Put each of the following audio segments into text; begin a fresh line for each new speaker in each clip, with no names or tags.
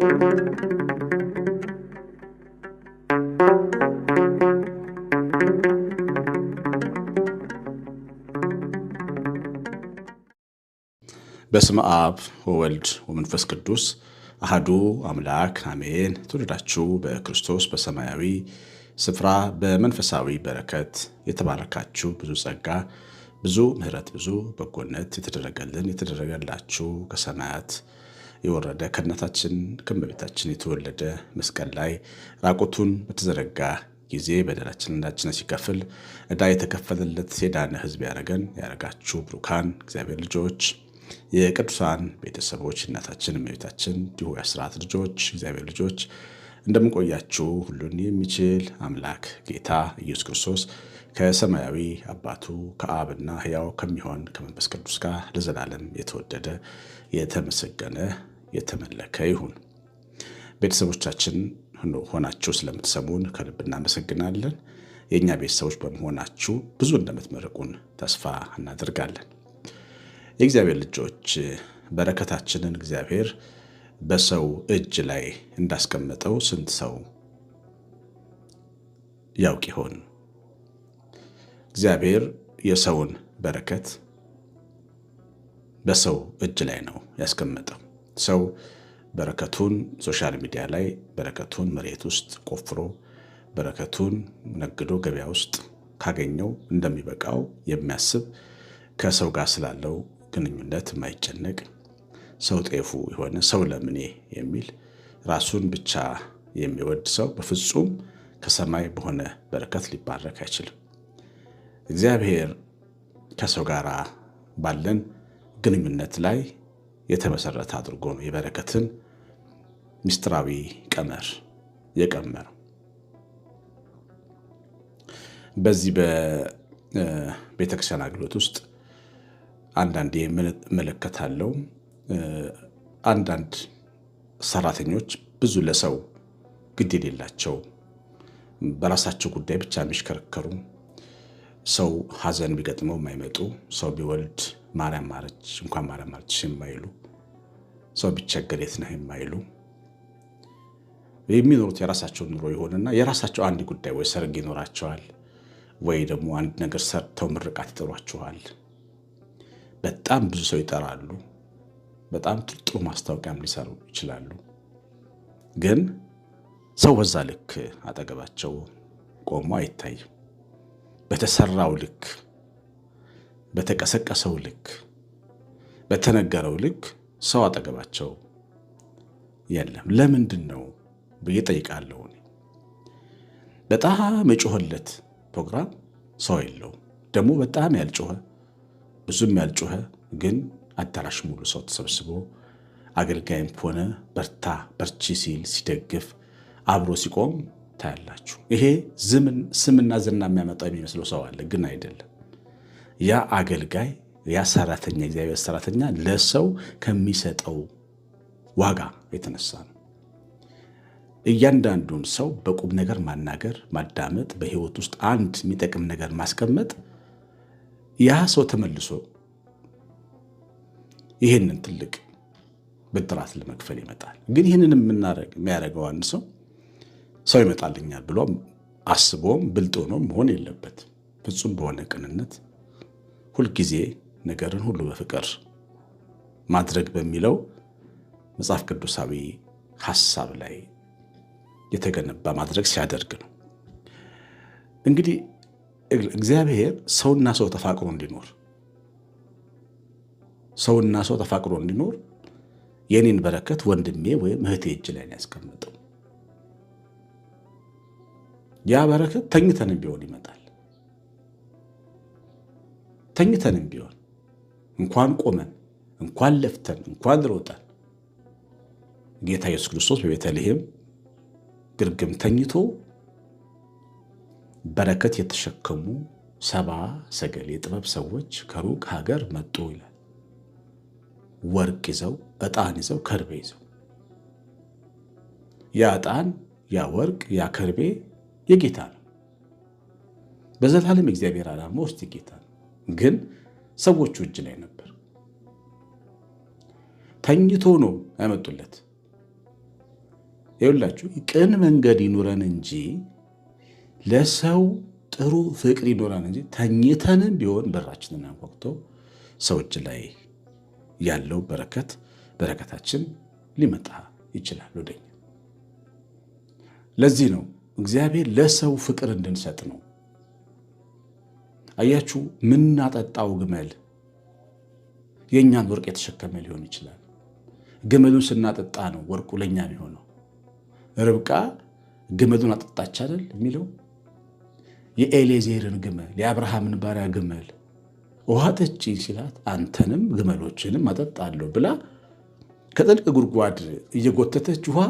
በስመ አብ ወወልድ ወመንፈስ ቅዱስ አህዱ አምላክ አሜን። ትውልዳችሁ በክርስቶስ በሰማያዊ ስፍራ በመንፈሳዊ በረከት የተባረካችሁ ብዙ ጸጋ ብዙ ምሕረት ብዙ በጎነት የተደረገልን የተደረገላችሁ ከሰማያት የወረደ ከእናታችን ከእመቤታችን የተወለደ መስቀል ላይ ራቁቱን በተዘረጋ ጊዜ በደላችን እንዳችን ሲከፍል እዳ የተከፈለለት የዳነ ሕዝብ ያደረገን ያደረጋችሁ ብሩካን እግዚአብሔር ልጆች የቅዱሳን ቤተሰቦች እናታችን እመቤታችን እንዲሁ የአስራት ልጆች እግዚአብሔር ልጆች እንደምንቆያችሁ ሁሉን የሚችል አምላክ ጌታ ኢየሱስ ክርስቶስ ከሰማያዊ አባቱ ከአብና ሕያው ከሚሆን ከመንፈስ ቅዱስ ጋር ለዘላለም የተወደደ የተመሰገነ የተመለከ ይሁን። ቤተሰቦቻችን ሆናችሁ ስለምትሰሙን ከልብ እናመሰግናለን። የእኛ ቤተሰቦች በመሆናችሁ ብዙ እንደምትመርቁን ተስፋ እናደርጋለን። የእግዚአብሔር ልጆች በረከታችንን እግዚአብሔር በሰው እጅ ላይ እንዳስቀመጠው ስንት ሰው ያውቅ ይሆን? እግዚአብሔር የሰውን በረከት በሰው እጅ ላይ ነው ያስቀመጠው። ሰው በረከቱን ሶሻል ሚዲያ ላይ በረከቱን መሬት ውስጥ ቆፍሮ በረከቱን ነግዶ ገበያ ውስጥ ካገኘው እንደሚበቃው የሚያስብ ከሰው ጋር ስላለው ግንኙነት የማይጨነቅ ሰው ጤፉ የሆነ ሰው ለምኔ የሚል ራሱን ብቻ የሚወድ ሰው በፍጹም ከሰማይ በሆነ በረከት ሊባረክ አይችልም። እግዚአብሔር ከሰው ጋር ባለን ግንኙነት ላይ የተመሰረተ አድርጎ ነው የበረከትን ምስጢራዊ ቀመር የቀመረው። በዚህ በቤተክርስቲያን አገልግሎት ውስጥ አንዳንዴ እመለከታለሁ አንዳንድ ሰራተኞች ብዙ ለሰው ግድ የሌላቸው በራሳቸው ጉዳይ ብቻ የሚሽከረከሩ ሰው ሀዘን ቢገጥመው የማይመጡ ሰው ቢወልድ ማርያም ማረች እንኳን ማርያም ማረች የማይሉ ሰው ቢቸገር የት ነህ የማይሉ የሚኖሩት የራሳቸውን ኑሮ ይሆንና የራሳቸው አንድ ጉዳይ ወይ ሰርግ ይኖራቸዋል፣ ወይ ደግሞ አንድ ነገር ሰርተው ምርቃት ይጠሯችኋል። በጣም ብዙ ሰው ይጠራሉ። በጣም ጥሩ ማስታወቂያም ሊሰሩ ይችላሉ። ግን ሰው በዛ ልክ አጠገባቸው ቆሞ አይታይም። በተሰራው ልክ፣ በተቀሰቀሰው ልክ፣ በተነገረው ልክ ሰው አጠገባቸው የለም። ለምንድን ነው ብዬ ጠይቃለሁ። በጣም የጮኸለት ፕሮግራም ሰው የለውም። ደግሞ በጣም ያልጮኸ ብዙም ያልጮኸ ግን አዳራሽ ሙሉ ሰው ተሰብስቦ አገልጋይም ሆነ በርታ በርቺ ሲል ሲደግፍ አብሮ ሲቆም ታያላችሁ። ይሄ ስምና ዝና የሚያመጣ የሚመስለው ሰው አለ፣ ግን አይደለም። ያ አገልጋይ ያ ሰራተኛ እግዚአብሔር ሰራተኛ ለሰው ከሚሰጠው ዋጋ የተነሳ ነው። እያንዳንዱን ሰው በቁም ነገር ማናገር፣ ማዳመጥ፣ በህይወት ውስጥ አንድ የሚጠቅም ነገር ማስቀመጥ፣ ያ ሰው ተመልሶ ይህንን ትልቅ ብድራት ለመክፈል ይመጣል። ግን ይህንን የሚያደርገው አንድ ሰው ሰው ይመጣልኛል ብሎ አስቦም ብልጥ ሆኖም መሆን የለበት። ፍጹም በሆነ ቅንነት ሁልጊዜ ነገርን ሁሉ በፍቅር ማድረግ በሚለው መጽሐፍ ቅዱሳዊ ሀሳብ ላይ የተገነባ ማድረግ ሲያደርግ ነው። እንግዲህ እግዚአብሔር ሰውና ሰው ተፋቅሮ እንዲኖር ሰውና ሰው ተፋቅሮ እንዲኖር የኔን በረከት ወንድሜ ወይም እህቴ እጅ ላይ ያስቀምጠው። ያ በረከት ተኝተንም ቢሆን ይመጣል። ተኝተንም ቢሆን እንኳን ቆመን እንኳን ለፍተን እንኳን ሮጠን ጌታ ኢየሱስ ክርስቶስ በቤተልሔም ግርግም ተኝቶ በረከት የተሸከሙ ሰባ ሰገል የጥበብ ሰዎች ከሩቅ ሀገር መጡ ይላል። ወርቅ ይዘው፣ ዕጣን ይዘው፣ ከርቤ ይዘው ያ ዕጣን ያ ወርቅ ያ ከርቤ የጌታ ነው። በዘላለም እግዚአብሔር ዓላማ ውስጥ የጌታ ነው ግን ሰዎቹ እጅ ላይ ነበር። ተኝቶ ነው ያመጡለት። ይኸውላችሁ ቅን መንገድ ይኑረን እንጂ ለሰው ጥሩ ፍቅር ይኖራል እንጂ ተኝተንም ቢሆን በራችንን አንኳኩቶ ሰዎች ላይ ያለው በረከት በረከታችን ሊመጣ ይችላል ወደኛ። ለዚህ ነው እግዚአብሔር ለሰው ፍቅር እንድንሰጥ ነው አያችሁ፣ ምናጠጣው ግመል የእኛን ወርቅ የተሸከመ ሊሆን ይችላል። ግመሉን ስናጠጣ ነው ወርቁ ለእኛ የሚሆነው። ርብቃ ግመሉን አጠጣች አይደል የሚለው የኤሌዜርን ግመል የአብርሃምን ባሪያ ግመል ውሃ ጠጪኝ ሲላት አንተንም ግመሎችንም አጠጣለሁ ብላ ከጥልቅ ጉድጓድ እየጎተተች ውሃ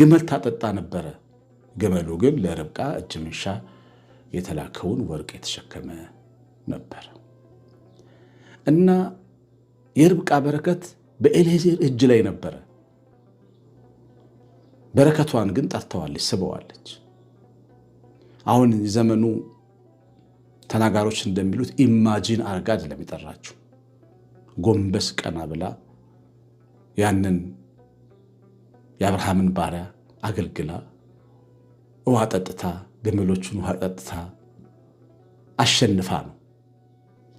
ግመል ታጠጣ ነበረ። ግመሉ ግን ለርብቃ እጅ መንሻ የተላከውን ወርቅ የተሸከመ ነበር እና የርብቃ በረከት በኤሌዜር እጅ ላይ ነበረ። በረከቷን ግን ጠርተዋለች፣ ስበዋለች። አሁን ዘመኑ ተናጋሮች እንደሚሉት ኢማጂን አርጋ አይደለም የጠራችው። ጎንበስ ቀና ብላ ያንን የአብርሃምን ባሪያ አገልግላ ውሃ ጠጥታ፣ ግመሎቹን ውሃ ጠጥታ አሸንፋ ነው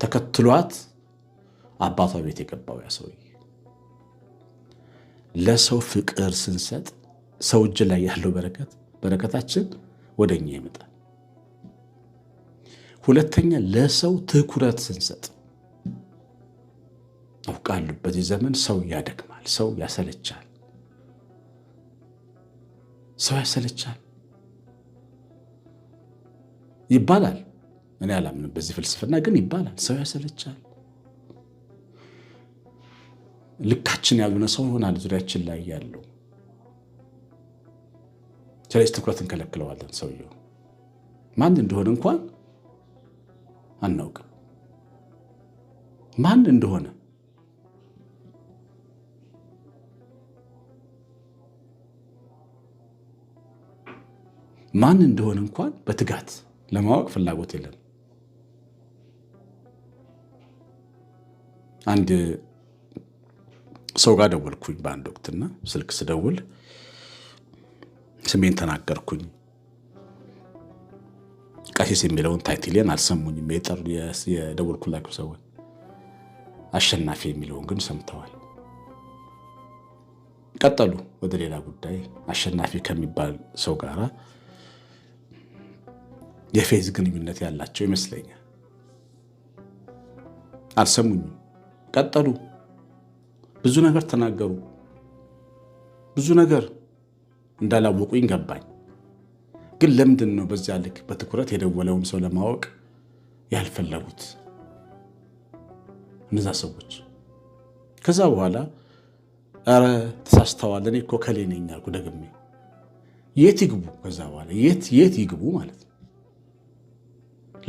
ተከትሏት አባቷ ቤት የገባው ያ ለሰው ፍቅር ስንሰጥ ሰው እጅ ላይ ያለው በረከት በረከታችን ወደ እኛ ይመጣል። ሁለተኛ ለሰው ትኩረት ስንሰጥ አውቃለሁ በዚህ ዘመን ሰው ያደክማል፣ ሰው ያሰለቻል፣ ሰው ያሰለቻል ይባላል። እኔ አላምንም በዚህ ፍልስፍና ግን ይባላል። ሰው ያሰለቻል። ልካችን ያልሆነ ሰው ይሆናል ዙሪያችን ላይ ያለው። ስለዚህ ትኩረት እንከለክለዋለን። ሰውየው ማን እንደሆነ እንኳን አናውቅም። ማን እንደሆነ ማን እንደሆነ እንኳን በትጋት ለማወቅ ፍላጎት የለም። አንድ ሰው ጋር ደወልኩኝ በአንድ ወቅትና ስልክ ስደውል ስሜን ተናገርኩኝ። ቀሲስ የሚለውን ታይትሌን አልሰሙኝም። የጠሩ የደወልኩላቸው ሰዎች አሸናፊ የሚለውን ግን ሰምተዋል። ቀጠሉ ወደ ሌላ ጉዳይ። አሸናፊ ከሚባል ሰው ጋር የፌዝ ግንኙነት ያላቸው ይመስለኛል። አልሰሙኝም። ቀጠሉ። ብዙ ነገር ተናገሩ። ብዙ ነገር እንዳላወቁኝ ገባኝ። ግን ለምንድን ነው በዚያ ልክ በትኩረት የደወለውን ሰው ለማወቅ ያልፈለጉት እነዛ ሰዎች? ከዛ በኋላ ኧረ ተሳስተዋል፣ እኔ እኮ ከሌ ነኝ አልኩ ደግሜ። የት ይግቡ? ከዛ በኋላ የት የት ይግቡ ማለት ነው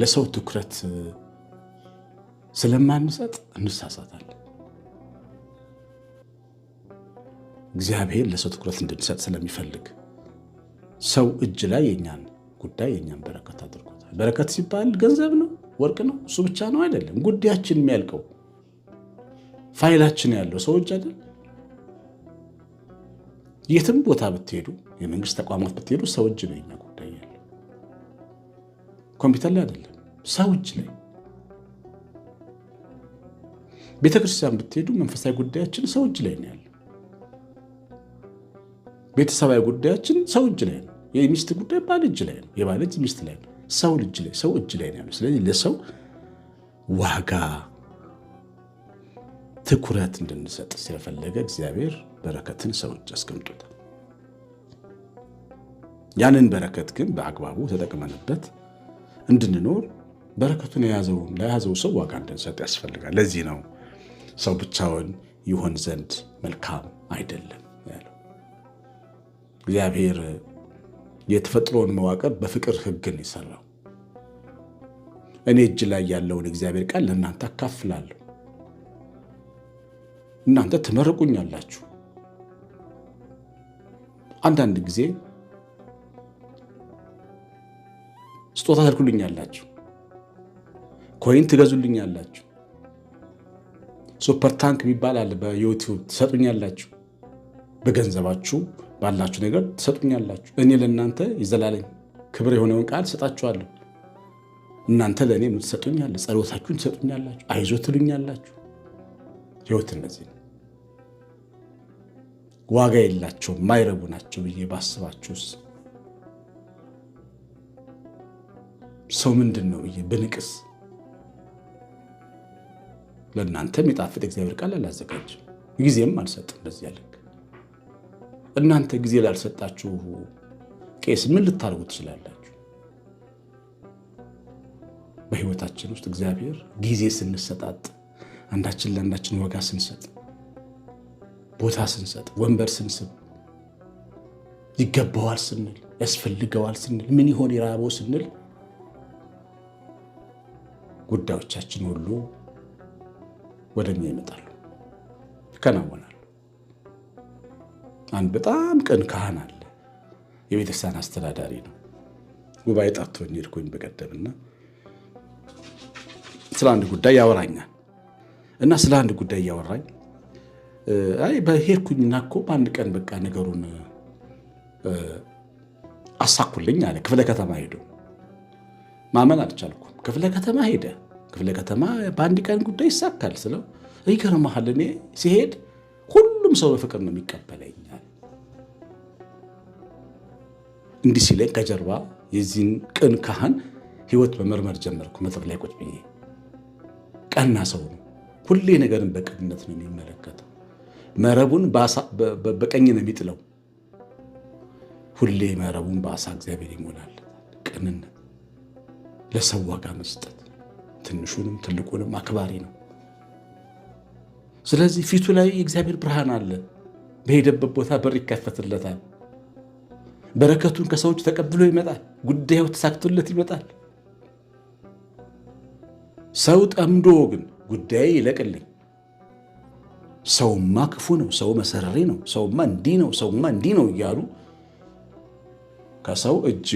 ለሰው ትኩረት ስለማንሰጥ እንሳሳታለን። እግዚአብሔር ለሰው ትኩረት እንድንሰጥ ስለሚፈልግ ሰው እጅ ላይ የኛን ጉዳይ የኛን በረከት አድርጎታል። በረከት ሲባል ገንዘብ ነው፣ ወርቅ ነው፣ እሱ ብቻ ነው አይደለም። ጉዳያችን የሚያልቀው ፋይላችን ያለው ሰው እጅ አይደል። የትም ቦታ ብትሄዱ፣ የመንግስት ተቋማት ብትሄዱ ሰው እጅ ነው የኛ ጉዳይ ያለው፣ ኮምፒውተር ላይ አይደለም፣ ሰው እጅ ላይ ቤተክርስቲያን ብትሄዱ መንፈሳዊ ጉዳያችን ሰው እጅ ላይ ነው ያለ። ቤተሰባዊ ጉዳያችን ሰው እጅ ላይ ነው። የሚስት ጉዳይ ባል እጅ ላይ ነው። የባል እጅ ሚስት ላይ ነው። ሰው ልጅ ላይ ሰው እጅ ላይ ነው ስለዚህ ለሰው ዋጋ ትኩረት እንድንሰጥ ስለፈለገ እግዚአብሔር በረከትን ሰው እጅ አስቀምጦታል። ያንን በረከት ግን በአግባቡ ተጠቅመንበት እንድንኖር በረከቱን ለያዘው ሰው ዋጋ እንድንሰጥ ያስፈልጋል። ለዚህ ነው ሰው ብቻውን ይሆን ዘንድ መልካም አይደለም ያለው እግዚአብሔር የተፈጥሮን መዋቅር በፍቅር ህግን ይሰራው። የሰራው። እኔ እጅ ላይ ያለውን እግዚአብሔር ቃል ለእናንተ አካፍላለሁ፣ እናንተ ትመርቁኛላችሁ። አንዳንድ ጊዜ ስጦታ ተልኩልኛላችሁ ኮይን ትገዙልኛላችሁ ሱፐር ታንክ የሚባል አለ በዩቲዩብ ትሰጡኛላችሁ፣ በገንዘባችሁ ባላችሁ ነገር ትሰጡኛላችሁ። እኔ ለእናንተ ይዘላለኝ ክብር የሆነውን ቃል ሰጣችኋለሁ። እናንተ ለእኔ ምትሰጡኛለ፣ ጸሎታችሁን ትሰጡኛላችሁ፣ አይዞ ትሉኛላችሁ። ህይወት እነዚህ ነው። ዋጋ የላቸው ማይረቡ ናቸው ብዬ ባስባችሁስ ሰው ምንድን ነው ብዬ ብንቅስ ለእናንተም የጣፍጥ እግዚአብሔር ቃል አላዘጋጅ ጊዜም አልሰጥ እንደዚህ ያለግ እናንተ ጊዜ ላልሰጣችሁ ቄስ ምን ልታደርጉ ትችላላችሁ? በህይወታችን ውስጥ እግዚአብሔር ጊዜ ስንሰጣጥ፣ አንዳችን ለአንዳችን ወጋ ስንሰጥ፣ ቦታ ስንሰጥ፣ ወንበር ስንስብ፣ ይገባዋል ስንል፣ ያስፈልገዋል ስንል፣ ምን ይሆን የራበው ስንል ጉዳዮቻችን ሁሉ ወደ እኛ ይመጣሉ፣ ይከናወናሉ። አንድ በጣም ቅን ካህን አለ፣ የቤተክርስቲያን አስተዳዳሪ ነው። ጉባኤ ጠርቶኝ ሄድኩኝ በቀደምና ስለ አንድ ጉዳይ ያወራኛል እና ስለ አንድ ጉዳይ እያወራኝ አይ በሄድኩኝና እኮ በአንድ ቀን በቃ ነገሩን አሳኩልኝ አለ። ክፍለ ከተማ ሄዶ ማመን አልቻልኩም። ክፍለ ከተማ ሄደ ክፍለ ከተማ በአንድ ቀን ጉዳይ ይሳካል ስለው ይገርምሃል፣ እኔ ሲሄድ ሁሉም ሰው በፍቅር ነው የሚቀበለኛል። እንዲህ ሲለኝ ከጀርባ የዚህን ቅን ካህን ህይወት በመርመር ጀመርኩ። መጥር ላይ ቁጭ ብዬ ቀና ሰው ነው። ሁሌ ነገርን በቅንነት ነው የሚመለከተው። መረቡን በቀኝ ነው የሚጥለው። ሁሌ መረቡን በአሳ እግዚአብሔር ይሞላል። ቅንነት ለሰው ዋጋ መስጠት ትንሹንም ትልቁንም አክባሪ ነው። ስለዚህ ፊቱ ላይ የእግዚአብሔር ብርሃን አለ። በሄደበት ቦታ በር ይከፈትለታል። በረከቱን ከሰዎች ተቀብሎ ይመጣል። ጉዳዩ ተሳክቶለት ይመጣል። ሰው ጠምዶ ግን ጉዳይ ይለቅልኝ፣ ሰውማ ክፉ ነው፣ ሰው መሰረሪ ነው፣ ሰውማ እንዲህ ነው፣ ሰውማ እንዲህ ነው እያሉ ከሰው እጅ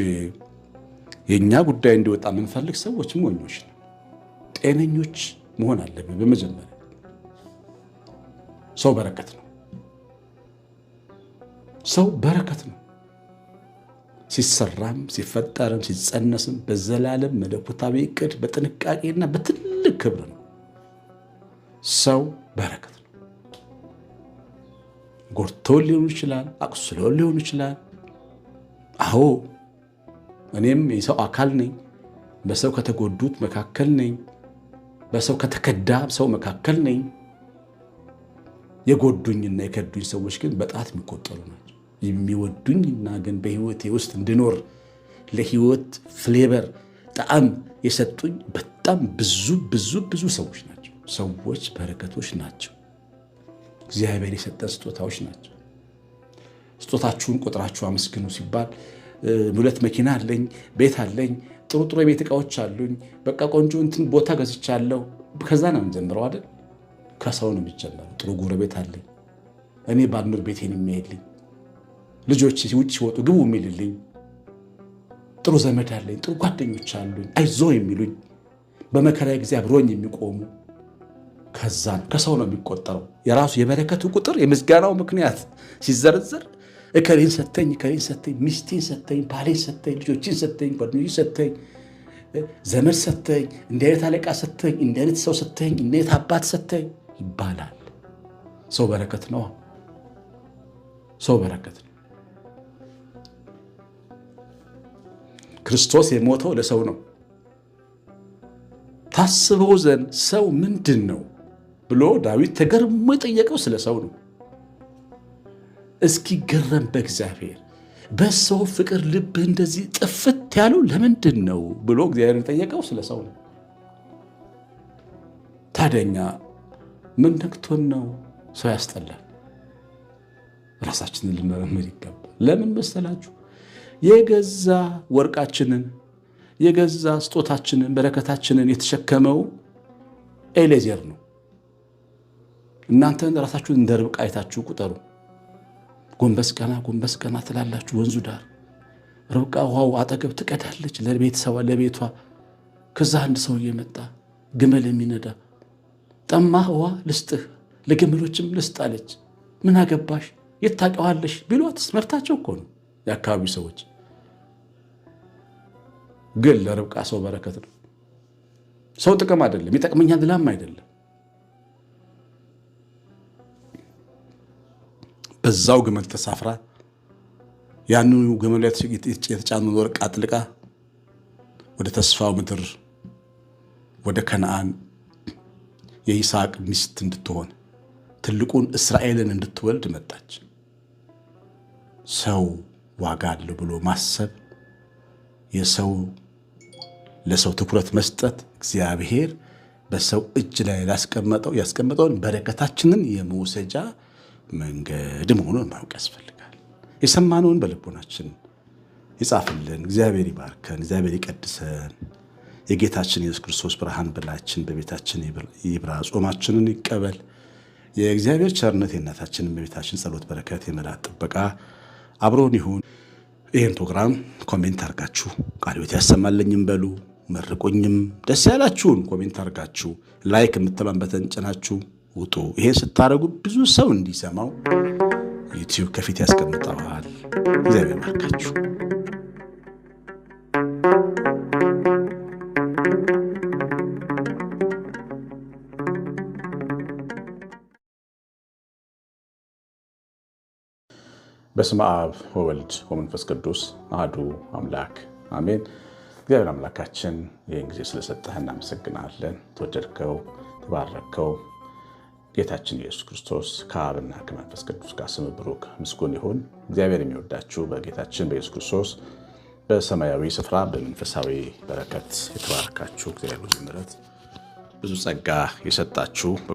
የእኛ ጉዳይ እንዲወጣ የምንፈልግ ሰዎች ሞኞች ነው። ጤነኞች መሆን አለብን። በመጀመሪያ ሰው በረከት ነው። ሰው በረከት ነው። ሲሰራም ሲፈጠርም ሲጸነስም በዘላለም መለኮታዊ እቅድ በጥንቃቄና በትልቅ ክብር ነው። ሰው በረከት ነው። ጎድቶን ሊሆን ይችላል፣ አቁስሎ ሊሆን ይችላል። አዎ እኔም የሰው አካል ነኝ። በሰው ከተጎዱት መካከል ነኝ። በሰው ከተከዳ ሰው መካከል ነኝ። የጎዱኝና የከዱኝ ሰዎች ግን በጣት የሚቆጠሩ ናቸው። የሚወዱኝና ግን በህይወቴ ውስጥ እንድኖር ለህይወት ፍሌበር ጣዕም የሰጡኝ በጣም ብዙ ብዙ ብዙ ሰዎች ናቸው። ሰዎች በረከቶች ናቸው። እግዚአብሔር የሰጠን ስጦታዎች ናቸው። ስጦታችሁን ቁጥራችሁ አመስግኑ ሲባል ሁለት መኪና አለኝ ቤት አለኝ ጥሩ ጥሩ የቤት እቃዎች አሉኝ፣ በቃ ቆንጆ እንትን ቦታ ገዝቻለሁ። ከዛ ነው የምንጀምረው አይደል? ከሰው ነው የሚጀምረው። ጥሩ ጎረቤት አለኝ፣ እኔ ባልኖር ቤቴን የሚሄድልኝ፣ ልጆች ውጭ ሲወጡ ግቡ የሚልልኝ፣ ጥሩ ዘመድ አለኝ፣ ጥሩ ጓደኞች አሉኝ፣ አይዞ የሚሉኝ፣ በመከራ ጊዜ አብሮኝ የሚቆሙ ከዛ ከሰው ነው የሚቆጠረው። የራሱ የበረከቱ ቁጥር የምስጋናው ምክንያት ሲዘረዘር እከሌን ሰተኝ እከሌን ሰተኝ፣ ሚስቴን ሰተኝ፣ ባሌን ሰተኝ፣ ልጆችን ሰተኝ፣ ጓደኞች ሰተኝ፣ ዘመድ ሰተኝ፣ እንዲህ አይነት አለቃ ሰተኝ፣ እንዲህ አይነት ሰው ሰተኝ፣ እንዲህ አይነት አባት ሰተኝ ይባላል። ሰው በረከት ነው። ሰው በረከት ነው። ክርስቶስ የሞተው ለሰው ነው። ታስበው ዘንድ ሰው ምንድን ነው ብሎ ዳዊት ተገርሞ የጠየቀው ስለ ሰው ነው። እስኪገረም በእግዚአብሔር በሰው ፍቅር ልብ እንደዚህ ጥፍት ያለው ለምንድን ነው ብሎ እግዚአብሔር ጠየቀው። ስለ ሰው ነው። ታደኛ ምን ነክቶን ነው ሰው ያስጠላል? ራሳችንን ልንመረምር ይገባል። ለምን መሰላችሁ? የገዛ ወርቃችንን የገዛ ስጦታችንን በረከታችንን የተሸከመው ኤሌዜር ነው። እናንተን ራሳችሁን እንደ ርብቃ አይታችሁ ቁጠሩ። ጎንበስ ቀና ጎንበስ ቀና ትላላችሁ ወንዙ ዳር። ርብቃ ውሃው አጠገብ ትቀዳለች ለቤተሰባ ለቤቷ። ከዛ አንድ ሰው እየመጣ ግመል የሚነዳ ጠማህ ውሃ ልስጥህ ለግመሎችም ልስጥ አለች። ምን አገባሽ የት ታውቂዋለሽ ቢሏትስ መብታቸው እኮ ነው ሰዎች። ግን ለርብቃ ሰው በረከት ነው። ሰው ጥቅም አይደለም ይጠቅመኛል ላም አይደለም በዛው ግመል ተሳፍራ ያኑ ግመል የተጫኑን ወርቅ አጥልቃ ወደ ተስፋው ምድር ወደ ከነአን የይስሐቅ ሚስት እንድትሆን ትልቁን እስራኤልን እንድትወልድ መጣች። ሰው ዋጋ አለው ብሎ ማሰብ፣ የሰው ለሰው ትኩረት መስጠት እግዚአብሔር በሰው እጅ ላይ ያስቀመጠውን በረከታችንን የመውሰጃ መንገድ መሆኑን ማወቅ ያስፈልጋል። የሰማነውን በልቦናችን ይጻፍልን። እግዚአብሔር ይባርከን፣ እግዚአብሔር ይቀድሰን። የጌታችን የሱስ ክርስቶስ ብርሃን ብላችን በቤታችን ይብራ። ጾማችንን ይቀበል። የእግዚአብሔር ቸርነት የእናታችን በቤታችን ጸሎት በረከት የመላት ጥበቃ አብሮን ይሁን። ይህን ፕሮግራም ኮሜንት አርጋችሁ ቃለ ሕይወት ያሰማለኝም በሉ መርቆኝም ደስ ያላችሁን ኮሜንት አርጋችሁ ላይክ የምትለውን ጭናችሁ ውጡ። ይሄን ስታደርጉ ብዙ ሰው እንዲሰማው ዩቲዩብ ከፊት ያስቀምጠዋል። እግዚአብሔር ባርካችሁ። በስመ አብ ወወልድ ወመንፈስ ቅዱስ አህዱ አምላክ አሜን። እግዚአብሔር አምላካችን ይህን ጊዜ ስለሰጠህ እናመሰግናለን። ተወደድከው፣ ተባረከው። ጌታችን ኢየሱስ ክርስቶስ ከአብና ከመንፈስ ቅዱስ ጋር ስም ብሩክ ምስጉን ይሁን። እግዚአብሔር የሚወዳችሁ በጌታችን በኢየሱስ ክርስቶስ በሰማያዊ ስፍራ በመንፈሳዊ በረከት የተባረካችሁ እግዚአብሔር ምሕረት ብዙ ጸጋ የሰጣችሁ